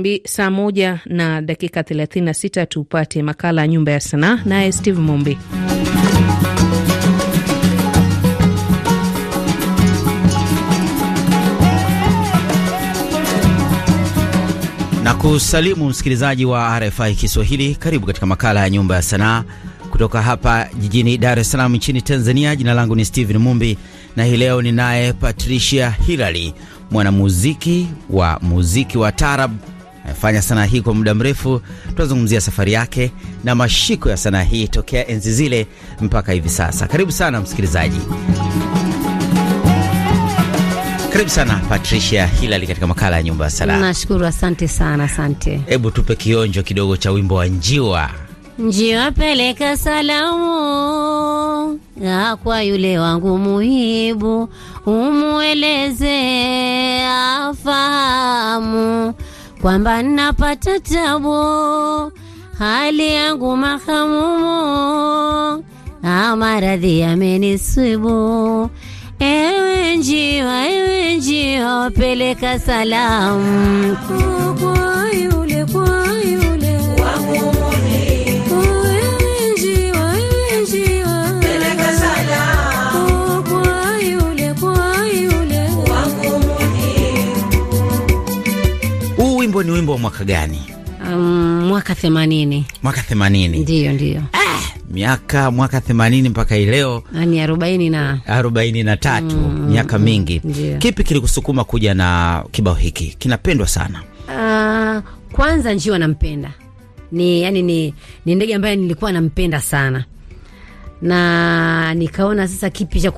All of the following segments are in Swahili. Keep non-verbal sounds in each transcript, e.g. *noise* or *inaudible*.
Mbi, saa moja na dakika 36 tupate makala ya nyumba ya sanaa naye Steve Mumbi. Na kusalimu msikilizaji wa RFI Kiswahili, karibu katika makala ya nyumba ya sanaa kutoka hapa jijini Dar es Salaam nchini Tanzania. Jina langu ni Steven Mumbi na hii leo ninaye Patricia Hilary, mwanamuziki wa muziki wa tarab amefanya sanaa hii kwa muda mrefu. Tunazungumzia safari yake na mashiko ya sanaa hii tokea enzi zile mpaka hivi sasa. Karibu sana msikilizaji, karibu sana Patricia Hilali katika makala ya nyumba ya sanaa. Nashukuru, asante sana. Asante, hebu tupe kionjo kidogo cha wimbo wa njiwa. Njiwa peleka salamu kwa yule wangu muhibu, umueleze afahamu kwamba napata tabu, hali yangu mahamumu, amaradhi maradhi yamenisibu. Ewe njiwa, ewe njiwa, peleka salamu wimbo ni wimbo wa mwaka gani? Um, mwaka themanini. Mwaka themanini, ndio, ndio. Ah, miaka mwaka themanini mpaka ileo ah, ni arobaini na arobaini na tatu mm, mm miaka mm, mingi ndiyo. Kipi kilikusukuma kuja na kibao hiki kinapendwa sana? Uh, kwanza njiwa nampenda ni yani ni, ni ndege ambaye nilikuwa nampenda sana na nikaona sasa kipi cha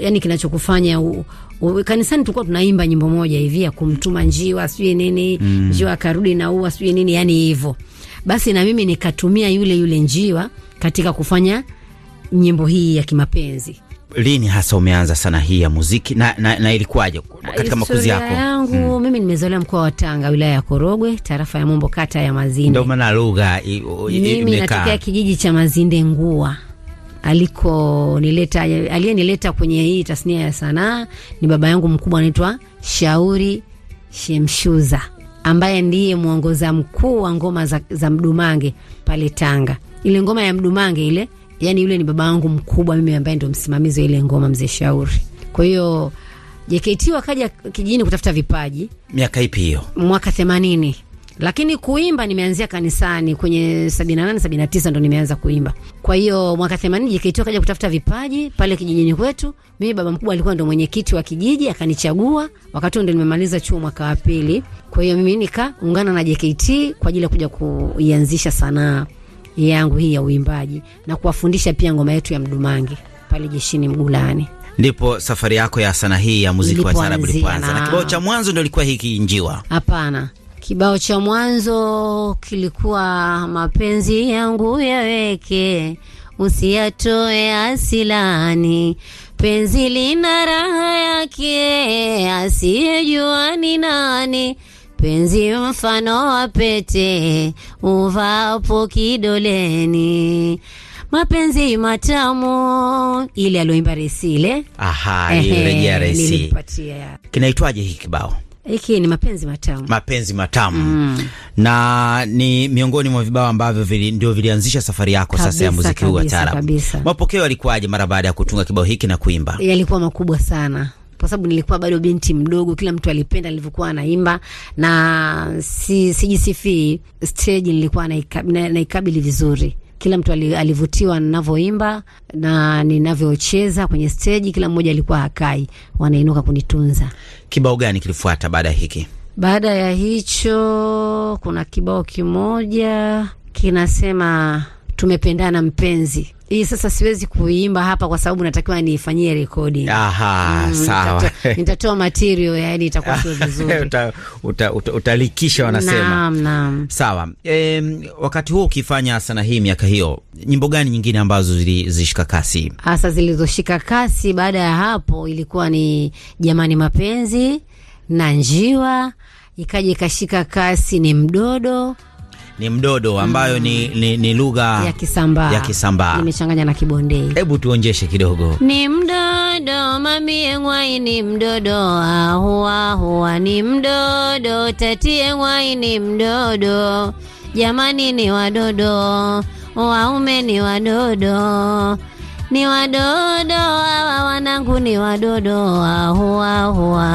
yani kinachokufanya kanisani tulikuwa tunaimba nyimbo moja hivi ya kumtuma njiwa sijui nini mm. njiwa akarudi na ua sijui nini yani hivyo basi na mimi nikatumia yule yule njiwa katika kufanya nyimbo hii ya kimapenzi Lini hasa umeanza sana hii ya muziki na, na, na ilikuwaje katika makuzi yako? yangu mm. Mimi nimezolea mkoa wa Tanga, wilaya ya Korogwe, tarafa ya Mombo, kata ya Mazinde. Ndio maana lugha mimi natokea kijiji cha Mazinde Ngua alikonileta aliyenileta kwenye hii tasnia ya sanaa ni baba yangu mkubwa anaitwa Shauri Shemshuza ambaye ndiye mwongoza mkuu wa ngoma za, za Mdumange pale Tanga. Ile ngoma ya Mdumange ile, yani yule ni baba yangu mkubwa mimi ambaye ndio msimamizi wa ile ngoma mzee Shauri. Kwa hiyo JKT wakaja kijijini kutafuta vipaji. Miaka ipi hiyo? Mwaka themanini. Lakini kuimba nimeanzia kanisani kwenye 78 79 ndo nimeanza kuimba. Kwa hiyo mwaka 80 JKT kaja kutafuta vipaji pale kijijini kwetu. Mimi baba mkubwa alikuwa ndo mwenyekiti wa kijiji akanichagua. Wakati ndo nimemaliza chuo mwaka wa pili. Kwa hiyo mimi nikaungana na JKT kwa ajili ya kuja kuianzisha sanaa yangu hii ya uimbaji na kuwafundisha pia ngoma yetu ya mdumangi pale jeshini Mgulani. Ndipo safari yako ya sanaa hii ya muziki wa taarabu ilipoanza, na kibao cha mwanzo ndio ilikuwa hiki Njiwa? Hapana, Kibao cha mwanzo kilikuwa mapenzi yangu yaweke, usiyatoe asilani, penzi lina raha yake, asiyejua ni nani penzi mfano wa pete uvapo kidoleni, mapenzi matamu. Ile alioimba Resile, aha, ile ya Resile kinaitwaje hii kibao? Hiki ni mapenzi matamu, mapenzi matamu mm. na ni miongoni mwa vibao ambavyo vili, ndio vilianzisha safari yako kabisa, sasa ya muziki huu wa taarabu. Mapokeo yalikuwaje mara baada ya kutunga kibao hiki na kuimba? Yalikuwa makubwa sana kwa sababu nilikuwa bado binti mdogo, kila mtu alipenda nilivyokuwa anaimba, na si sijisifii, stage nilikuwa naikabili na, na vizuri kila mtu alivutiwa ninavyoimba na ninavyocheza kwenye steji. Kila mmoja alikuwa hakai, wanainuka kunitunza. Kibao gani kilifuata baada ya hiki? Baada ya hicho, kuna kibao kimoja kinasema tumependana mpenzi. Hii sasa siwezi kuimba hapa kwa sababu natakiwa niifanyie rekodi. Aha, mm, sawa. *laughs* Nitatoa material yani itakuwa sio *laughs* vizuri. uta, uta, uta, utalikisha wanasema. Naam, naam. Sawa. E, wakati huo ukifanya sana hii miaka hiyo, nyimbo gani nyingine ambazo zilizoshika kasi? Hasa zilizoshika kasi baada ya hapo ilikuwa ni Jamani Mapenzi na Njiwa, ikaja ikashika kasi ni Mdodo ni mdodo ambayo mm. ni, ni, ni lugha ya Kisambaa ya Kisambaa imechanganya na Kibondei. Hebu tuonjeshe kidogo. Ni mdodo mamie ngwai ni mdodo ahua ahua ni mdodo tatie ngwai ni mdodo jamani ni wadodo waume ni wadodo ni wadodo hawa wanangu ni wadodo ahua ahua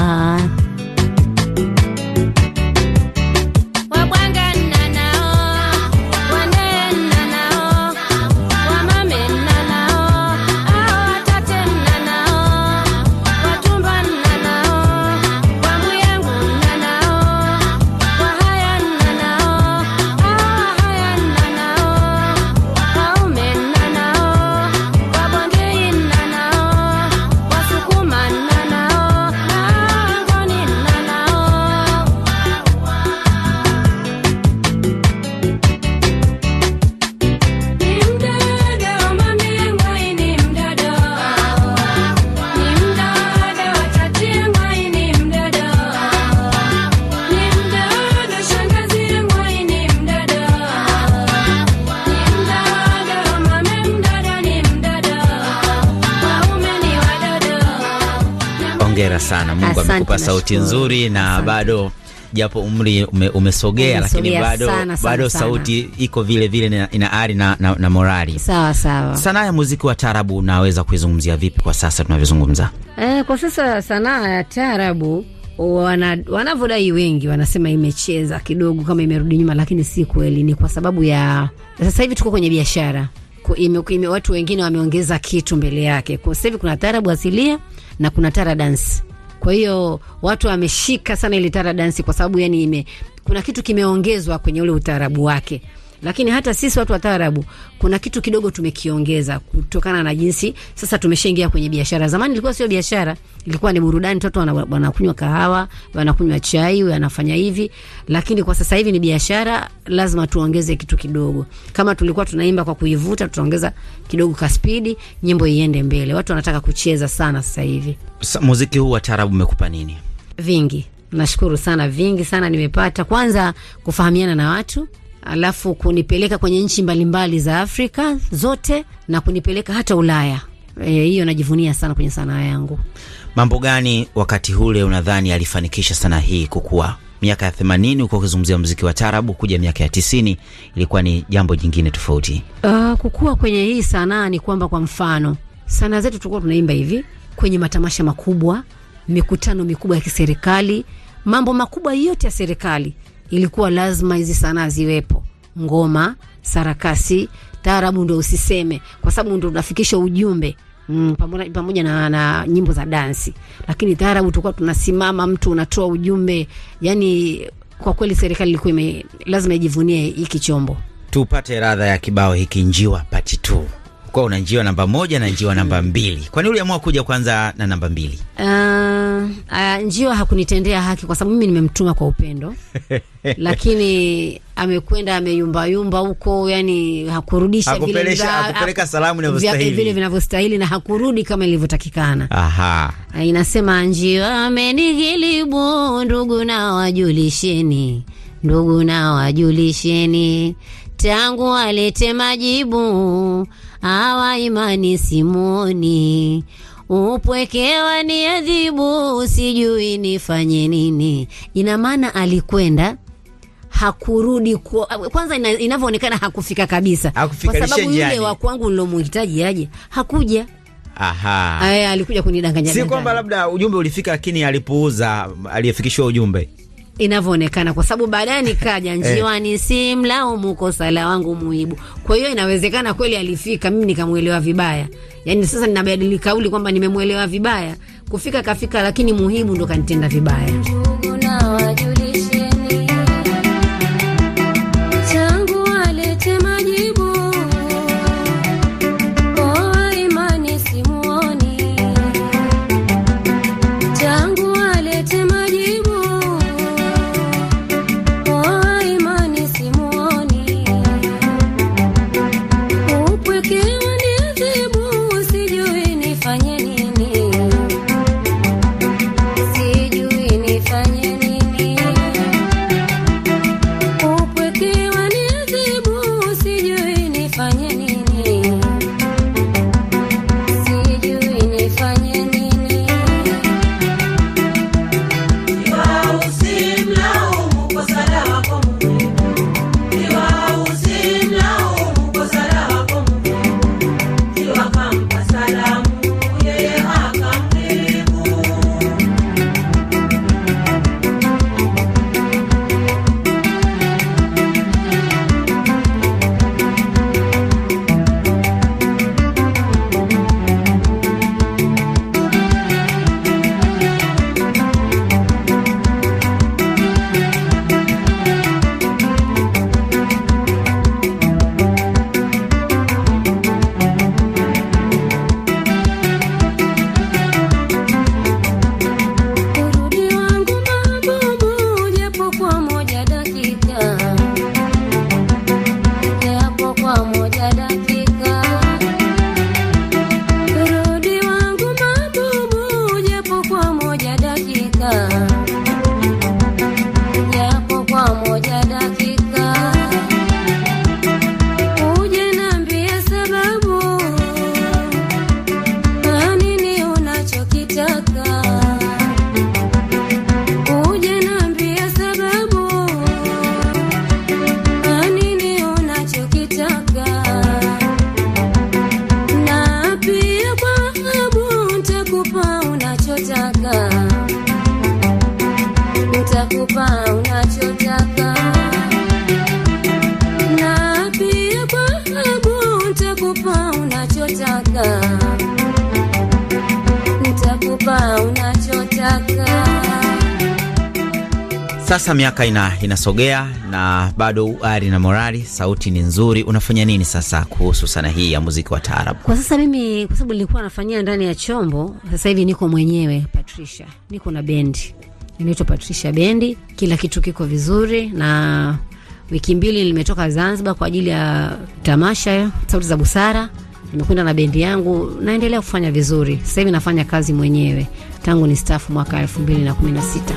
Hongera sana, Mungu amekupa sauti nzuri na asante. Bado japo umri ume, umesogea lakini bado, sana, sana, bado sauti sana. Iko vile vile ina ari na, na, na morali sawa sawa. Sanaa ya muziki wa tarabu unaweza kuizungumzia vipi kwa sasa tunavyozungumza? Eh, kwa sasa sanaa ya tarabu wana, wanavyodai wengi wanasema imecheza kidogo kama imerudi nyuma, lakini si kweli. Ni kwa sababu ya sasa hivi tuko kwenye biashara Ime, ime, watu wengine wameongeza kitu mbele yake. Kwa sasa hivi kuna tarabu asilia na kuna tara dance. Kwa hiyo watu wameshika sana ile tara dansi, kwa sababu yani ime kuna kitu kimeongezwa kwenye ule utaarabu wake lakini hata sisi watu wa taarabu kuna kitu kidogo tumekiongeza kutokana na jinsi sasa tumeshaingia kwenye biashara. Zamani ilikuwa sio biashara, ilikuwa ni burudani, watu wanakunywa kahawa, wanakunywa chai, wanafanya hivi, lakini kwa sasa hivi ni biashara. Lazima tuongeze kitu kidogo. Kama tulikuwa tunaimba kwa kuivuta, tutaongeza kidogo ka spidi, nyimbo iende mbele. Watu wanataka kucheza sana sasa hivi. Sa, muziki huu wa taarabu umekupa nini? Vingi, nashukuru sana, vingi sana nimepata, kwanza kufahamiana na watu alafu kunipeleka kwenye nchi mbalimbali za Afrika zote na kunipeleka hata Ulaya. E, hiyo e, najivunia sana kwenye sanaa yangu. Mambo gani wakati ule unadhani alifanikisha sanaa hii kukua? Miaka ya themanini ulikuwa ukizungumzia mziki wa tarabu, kuja miaka ya tisini ilikuwa ni jambo jingine tofauti. Uh, kukua kwenye hii sanaa ni kwamba, kwa mfano sanaa zetu tulikuwa tunaimba hivi kwenye matamasha makubwa, mikutano mikubwa ya kiserikali, mambo makubwa yote ya serikali ilikuwa lazima hizi sanaa ziwepo, ngoma, sarakasi, taarabu ndo usiseme, kwa sababu ndo unafikisha ujumbe Mm, pamoja, na, na nyimbo za dansi, lakini taarabu tulikuwa tunasimama, mtu unatoa ujumbe. Yani kwa kweli serikali ilikuwa lazima ijivunie hiki chombo. Tupate radha ya kibao hiki, njiwa pati tu kuwa una njiwa namba moja na njiwa namba mbili. Kwa nini uliamua kuja kwanza na namba mbili? Uh, ah, uh, ah, njiwa hakunitendea haki kwa sababu mimi nimemtuma kwa upendo *laughs* lakini amekwenda ameyumbayumba huko, yani hakurudisha vile hakupeleka salamu inavyostahili vile vinavyostahili na hakurudi kama ilivyotakikana. Aha, ah, inasema njiwa amenigilibu, ndugu na wajulisheni, ndugu na wajulisheni, tangu alete majibu awa imani simoni upwekewa ni adhibu sijui nifanye nini. Ina maana alikwenda hakurudi kwa, kwanza inavyoonekana hakufika kabisa, kwa sababu yule wa kwangu nilomhitaji aje hakuja. Aha, aye alikuja kunidanganya. Si kwamba labda ujumbe ulifika, lakini alipuuza aliyefikishwa ujumbe inavyoonekana, kwa sababu baadaye nikaja *laughs* njiwani eh. simlaumu kosa la wangu muibu. Kwa hiyo inawezekana kweli alifika, mimi nikamwelewa vibaya. Yani sasa ninabadili kauli kwamba nimemwelewa vibaya, kufika kafika, lakini muhibu ndo kanitenda vibaya. Sasa miaka ina, inasogea na bado ari na morali, sauti ni nzuri. Unafanya nini sasa kuhusu sana hii ya muziki wa taarabu kwa sasa? Mimi kwa sababu nilikuwa nafanyia ndani ya chombo, sasa hivi niko mwenyewe Patricia, niko na bendi inaitwa Patricia Bendi. Kila kitu kiko vizuri, na wiki mbili nimetoka Zanzibar kwa ajili ya tamasha Sauti za Busara. Nimekwenda na bendi yangu, naendelea kufanya vizuri. Sasa hivi nafanya kazi mwenyewe tangu ni staafu mwaka elfu mbili na kumi na sita.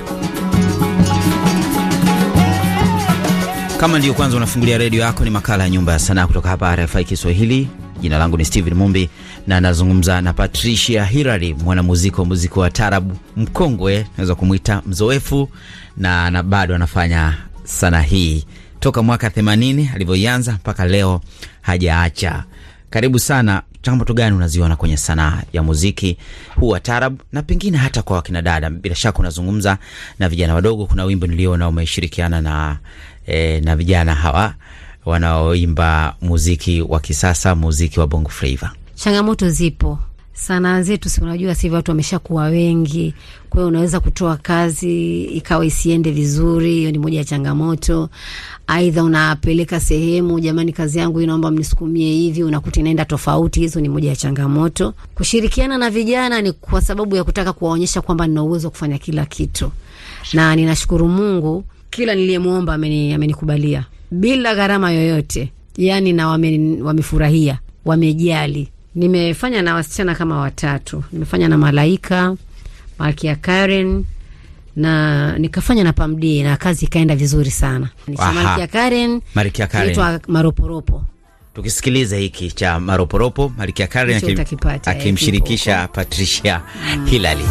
Kama ndiyo kwanza unafungulia redio yako, ni makala ya Nyumba ya Sanaa kutoka hapa RFI Kiswahili. Jina langu ni Steven Mumbi na nazungumza na Patricia Hirari, mwanamuziki wa muziki wa tarabu mkongwe, naweza kumwita mzoefu, na, na bado anafanya sanaa hii toka mwaka themanini alivyoianza mpaka leo hajaacha. Karibu sana. Changamoto gani unaziona kwenye sanaa ya muziki huu wa tarab na pengine hata kwa wakina dada? Bila shaka unazungumza na vijana wadogo. Kuna wimbo niliona umeshirikiana na e, na vijana hawa wanaoimba muziki wa kisasa, muziki wa bongo flava. Changamoto zipo sanaa zetu, si unajua, sivyo? Watu wameshakuwa wengi, kwa hiyo unaweza kutoa kazi ikawa isiende vizuri. Hiyo ni moja ya changamoto. Aidha unapeleka sehemu, jamani, kazi yangu inaomba mnisukumie hivi, unakuta inaenda tofauti. Hizo ni moja ya changamoto. Kushirikiana na vijana ni kwa sababu ya kutaka kuwaonyesha kwamba nina uwezo wa kufanya kila kitu, na ninashukuru Mungu kila niliyemwomba amenikubalia, ameni bila gharama yoyote, yani na wame, wamefurahia, wamejali. Nimefanya na wasichana kama watatu, nimefanya na Malaika, Malkia Karen na nikafanya na Pamdi na kazi ikaenda vizuri sana. Malkia Karen, Malkia Karen Maroporopo. Tukisikiliza hiki cha Maroporopo, Malkia Karen eh, akimshirikisha Patricia mm. Hilali.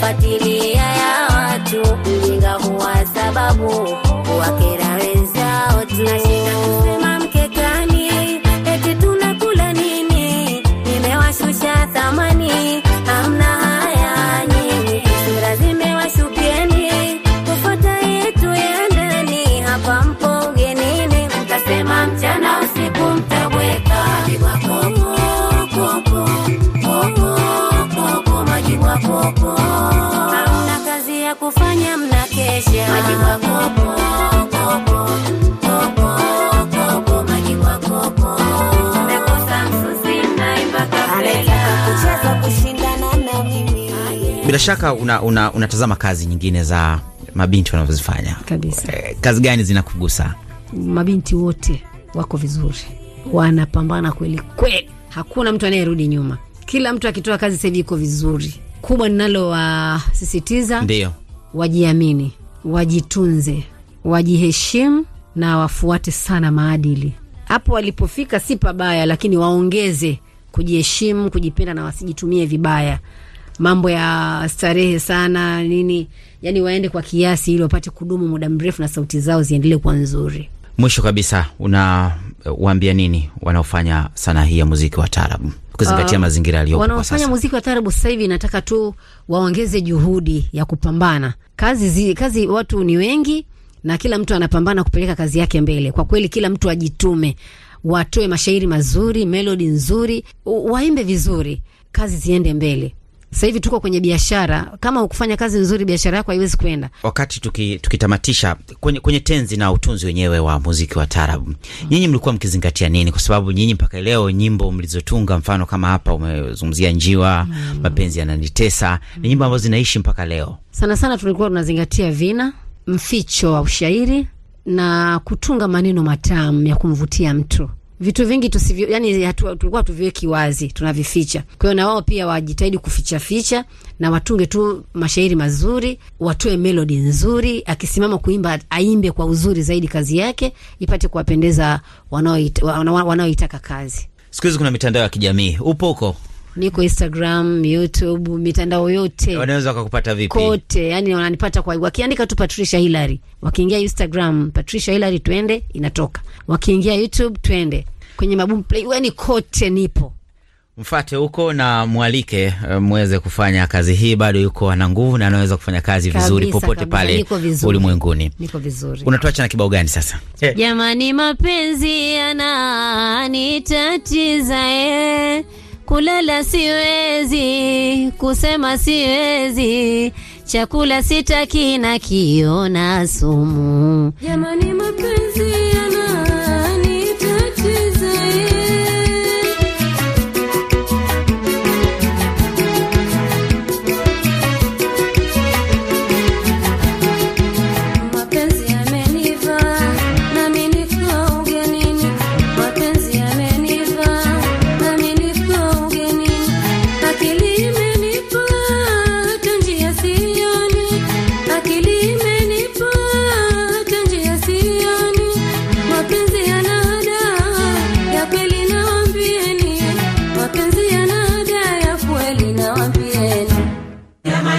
kufuatilia ya watu, jinga huwa sababu kuwakera hamna kazi ya kufanya mnakesha bila shaka unatazama una, una kazi nyingine za mabinti wanavyozifanya kabisa. Eh, kazi gani zinakugusa? Mabinti wote wako vizuri, wanapambana kweli kweli, hakuna mtu anayerudi nyuma. Kila mtu akitoa kazi sahivi iko vizuri, kubwa ninalowasisitiza ndio wajiamini, wajitunze, wajiheshimu na wafuate sana maadili. Hapo walipofika si pabaya, lakini waongeze kujiheshimu, kujipenda na wasijitumie vibaya. Mambo ya starehe sana nini, yani waende kwa kiasi, ili wapate kudumu muda mrefu na sauti zao ziendelee kuwa nzuri. Mwisho kabisa, unawaambia uh, nini wanaofanya sanaa hii ya muziki wa taarabu? kuzingatia uh, mazingira yaliyopo. Wanaofanya muziki wa tarabu sasa hivi nataka tu waongeze juhudi ya kupambana kazi, zi, kazi watu ni wengi na kila mtu anapambana kupeleka kazi yake mbele. Kwa kweli kila mtu ajitume, watoe mashairi mazuri, melodi nzuri, waimbe vizuri, kazi ziende mbele. Sasa hivi tuko kwenye biashara, kama ukufanya kazi nzuri, biashara yako haiwezi kwenda. Wakati tukitamatisha tuki, kwenye, kwenye tenzi na utunzi wenyewe wa muziki wa tarabu mm. nyinyi mlikuwa mkizingatia nini? Kwa sababu nyinyi mpaka leo nyimbo mlizotunga, mfano kama hapa umezungumzia njiwa mm. mapenzi yananitesa mm. ni nyimbo ambazo zinaishi mpaka leo. Sana sana tulikuwa tunazingatia vina, mficho wa ushairi na kutunga maneno matamu ya kumvutia mtu vitu vingi tusivyo, yani tulikuwa tuviweki wazi, tunavificha. Kwa hiyo na wao pia wajitahidi kuficha ficha na watunge tu mashairi mazuri, watoe melodi nzuri. Akisimama kuimba aimbe kwa uzuri zaidi, kazi yake ipate kuwapendeza wanaoitaka kazi. Siku hizi kuna mitandao ya kijamii, upo huko niko Instagram, YouTube, mitandao yote. Wanaweza wakakupata vipi? Kote, yani wananipata kwa wakiandika tu Patricia Hillary. Wakiingia Instagram, Patricia Hillary twende inatoka. Wakiingia YouTube twende. Kwenye maboom play, yani kote nipo. Mfate huko na mwalike eh, mweze kufanya kazi hii. Bado yuko ana nguvu na anaweza kufanya kazi kabisa, vizuri popote pale ulimwenguni. Niko vizuri. Unatuacha na kibao gani sasa? Eh. Jamani, hey. Mapenzi yananitatiza eh kulala siwezi, kusema siwezi, chakula sitaki na kiona sumu. Jamani mapenzi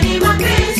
anima a crescere.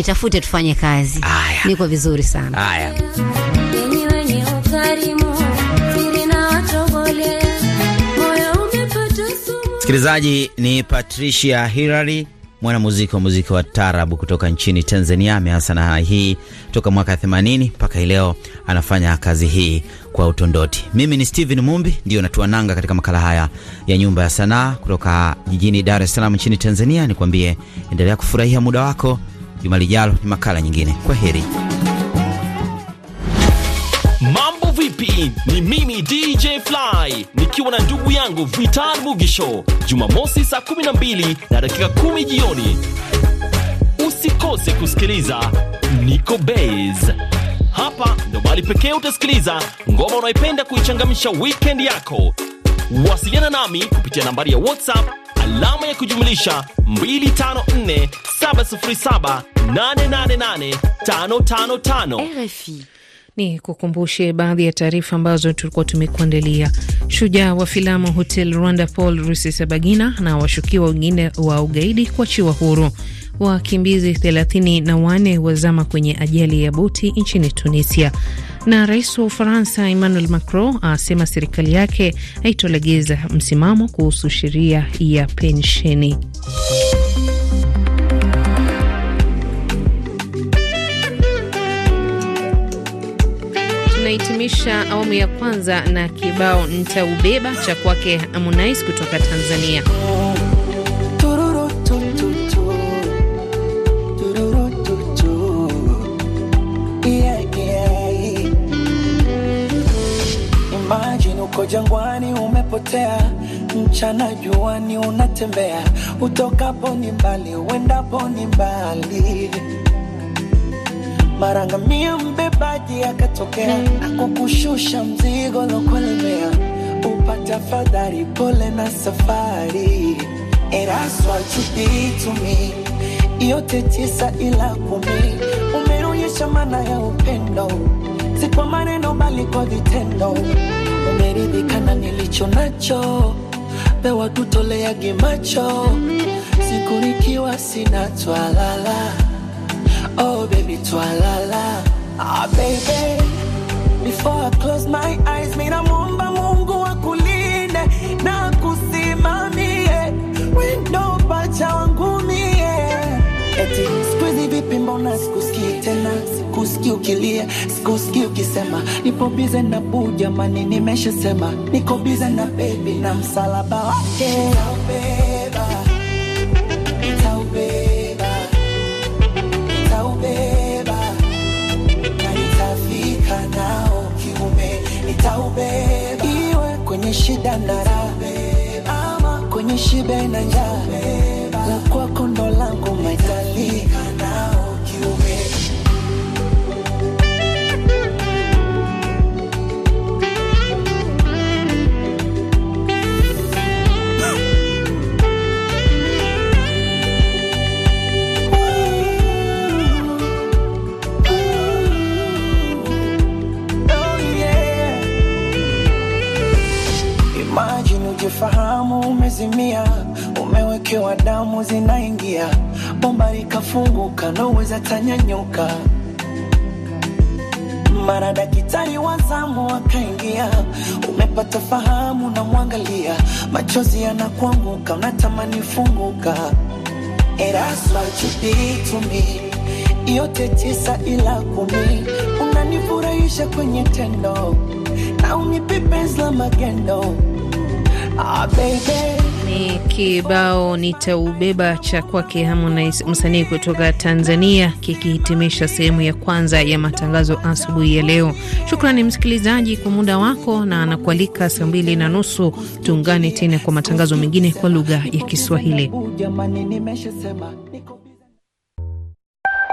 nitafute tufanye kazi. Aya. Niko vizuri sana. Aya. Msikilizaji ni Patricia Hilary, mwanamuziki wa muziki wa tarabu kutoka nchini Tanzania. Ameanza na hii toka mwaka 80 mpaka leo anafanya kazi hii kwa utondoti. Mimi ni Steven Mumbi, ndiyo natua nanga katika makala haya ya Nyumba ya Sanaa kutoka jijini Dar es Salaam nchini Tanzania. Nikwambie, endelea kufurahia muda wako juma lijalo ni makala nyingine. Kwa heri. Mambo vipi? Ni mimi DJ Fly nikiwa na ndugu yangu Vital Mugisho, Jumamosi saa 12 na dakika 10 jioni, usikose kusikiliza Niko bas Hapa ndo bali pekee utasikiliza ngoma unaipenda kuichangamisha wikend yako. Wasiliana nami kupitia nambari ya WhatsApp alama ya kujumlisha 254 RFI ni kukumbushe baadhi ya taarifa ambazo tulikuwa tumekuandalia. Shujaa wa filamu Hotel Rwanda Paul Rusesabagina na washukiwa wengine wa ugaidi kuachiwa huru. Wakimbizi 34 wazama kwenye ajali ya boti nchini Tunisia. Na rais wa Ufaransa Emmanuel Macron asema serikali yake haitolegeza msimamo kuhusu sheria ya pensheni. Tunahitimisha awamu ya kwanza na kibao nitaubeba cha kwake Harmonize kutoka Tanzania. uko jangwani umepotea, mchana juani unatembea, utokapo ni mbali, uendapo ni mbali. Mara mbebaji akatokea, kukushusha mzigo lokulemea, upata fadhari, pole na safari. Eraswa chupitumi yote tisa ila kumi, umeonyesha maana ya upendo, si kwa maneno bali kwa vitendo. Umeridhika nilicho nacho, pewa tutoleage siku nikiwa sina twalala. Oh baby twalala. Ah, baby, before I close my eyes, mina muomba Mungu ukilia, sikusikii ukisema nipo bize na buu. Jamani, nimeshasema niko bize na bebi na msalaba wake iwe kwenye shida na raha ama kwenye shibe na njaa atafunguka, loweza atanyanyuka. Mara dakitari wa zamu wakaingia umepata fahamu na mwangalia, machozi yanakuanguka, unatamani funguka. Erasma chupitumi yote tisa ila kumi, unanifurahisha kwenye tendo na unipe magendo. Ah, baby ni kibao nitaubeba cha kwake Harmonize, msanii kutoka Tanzania, kikihitimisha sehemu ya kwanza ya matangazo asubuhi ya leo. Shukrani msikilizaji kwa muda wako, na anakualika saa mbili na nusu tuungane tena kwa matangazo mengine kwa lugha ya Kiswahili.